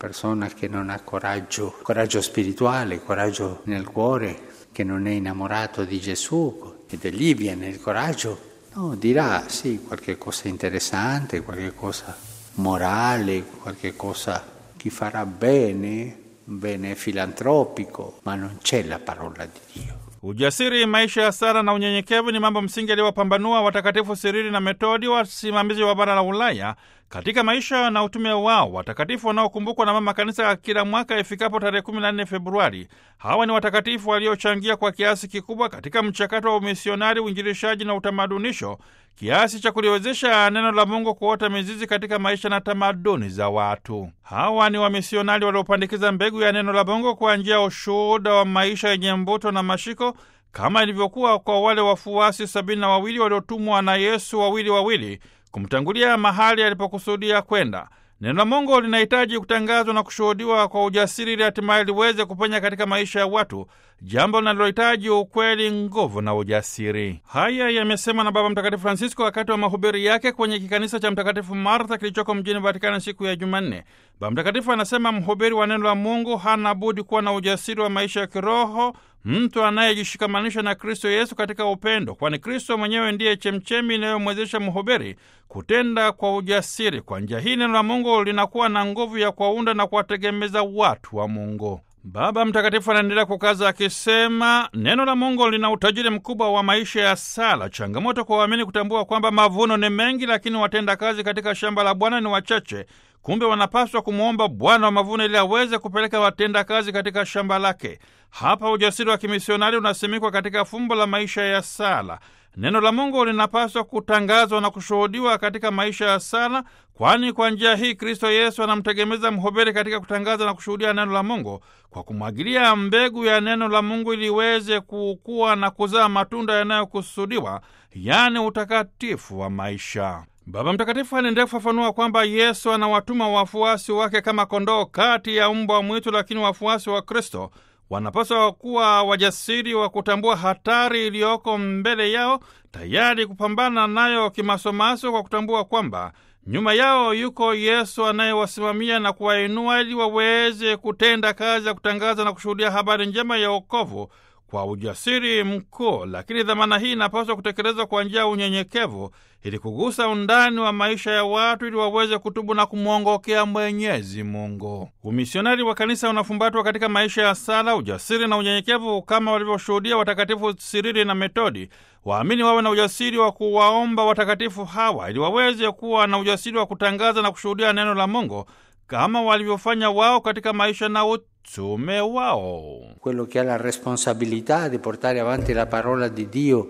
persona che non ha coraggio, coraggio spirituale, coraggio nel cuore, che non è innamorato di Gesù e di lì viene il coraggio, no, dirà sì qualche cosa interessante, qualche cosa morale, qualche cosa che farà bene, bene filantropico, ma non c'è la parola di Dio. Ujasiri, maisha ya sara na unyenyekevu ni mambo msingi yaliyowapambanua watakatifu Sirili na Metodi, wasimamizi wa bara la Ulaya, katika maisha na utume wao. Watakatifu wanaokumbukwa na Mama Kanisa kila mwaka ifikapo tarehe 14 Februari. Hawa ni watakatifu waliochangia kwa kiasi kikubwa katika mchakato wa umisionari, uinjilishaji na utamadunisho kiasi cha kuliwezesha neno la Mungu kuota mizizi katika maisha na tamaduni za watu. Hawa ni wamisionari waliopandikiza mbegu ya neno la Mungu kwa njia ya ushuhuda wa maisha yenye mbuto na mashiko, kama ilivyokuwa kwa wale wafuasi sabini na wawili waliotumwa na Yesu wawili wawili kumtangulia mahali alipokusudia kwenda. Neno la Mungu linahitaji kutangazwa na kushuhudiwa kwa ujasiri ili hatimaye liweze kupenya katika maisha ya watu, jambo linalohitaji ukweli, nguvu na ujasiri. Haya yamesemwa na Baba Mtakatifu Francisco wakati wa mahubiri yake kwenye kikanisa cha Mtakatifu Martha kilichoko mjini Vatikani siku ya Jumanne. Baba Mtakatifu anasema mhubiri wa neno la Mungu hana budi kuwa na ujasiri wa maisha ya kiroho mtu anayejishikamanisha na Kristo Yesu katika upendo, kwani Kristo mwenyewe ndiye chemchemi inayomwezesha mhubiri kutenda kwa ujasiri. Kwa njia hii neno la Mungu linakuwa na nguvu ya kuwaunda na kuwategemeza watu wa Mungu. Baba Mtakatifu anaendelea kukaza akisema, neno la Mungu lina utajiri mkubwa wa maisha ya sala. Changamoto kwa waamini kutambua kwamba mavuno ni mengi, lakini watenda kazi katika shamba la Bwana ni wachache. Kumbe wanapaswa kumwomba Bwana wa mavuno ili aweze kupeleka watenda kazi katika shamba lake. Hapa ujasiri wa kimisionari unasimikwa katika fumbo la maisha ya sala. Neno la Mungu linapaswa kutangazwa na kushuhudiwa katika maisha ya sala, kwani kwa njia hii Kristo Yesu anamtegemeza mhubiri katika kutangaza na kushuhudia neno la Mungu. Kwa kumwagilia mbegu ya neno la Mungu ili iweze kukua na kuzaa matunda yanayokusudiwa, yaani utakatifu wa maisha. Baba Mtakatifu anaendelea kufafanua kwamba Yesu anawatuma wafuasi wake kama kondoo kati ya mbwa mwitu, lakini wafuasi wa Kristo wanapaswa kuwa wajasiri wa kutambua hatari iliyoko mbele yao, tayari kupambana nayo kimasomaso, kwa kutambua kwamba nyuma yao yuko Yesu anayewasimamia na kuwainua ili waweze kutenda kazi ya kutangaza na kushuhudia habari njema ya wokovu kwa ujasiri mkuu, lakini dhamana hii inapaswa kutekelezwa kwa njia ya unyenyekevu ili kugusa undani wa maisha ya watu ili waweze kutubu na kumwongokea Mwenyezi Mungu. Umisionari wa kanisa unafumbatwa katika maisha ya sala, ujasiri na unyenyekevu kama walivyoshuhudia watakatifu Sirili na Metodi. Waamini wawe na ujasiri wa kuwaomba watakatifu hawa ili waweze kuwa na ujasiri wa kutangaza na kushuhudia neno la Mungu kama walivyofanya wao katika maisha na utume wao. Quello che ha la responsabilità di portare avanti la parola di Dio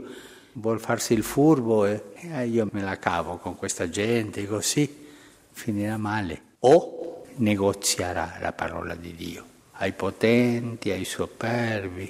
vuol farsi il furbo e eh, io me la cavo con questa gente così finirà male. O negozierà la parola di Dio ai potenti, ai superbi,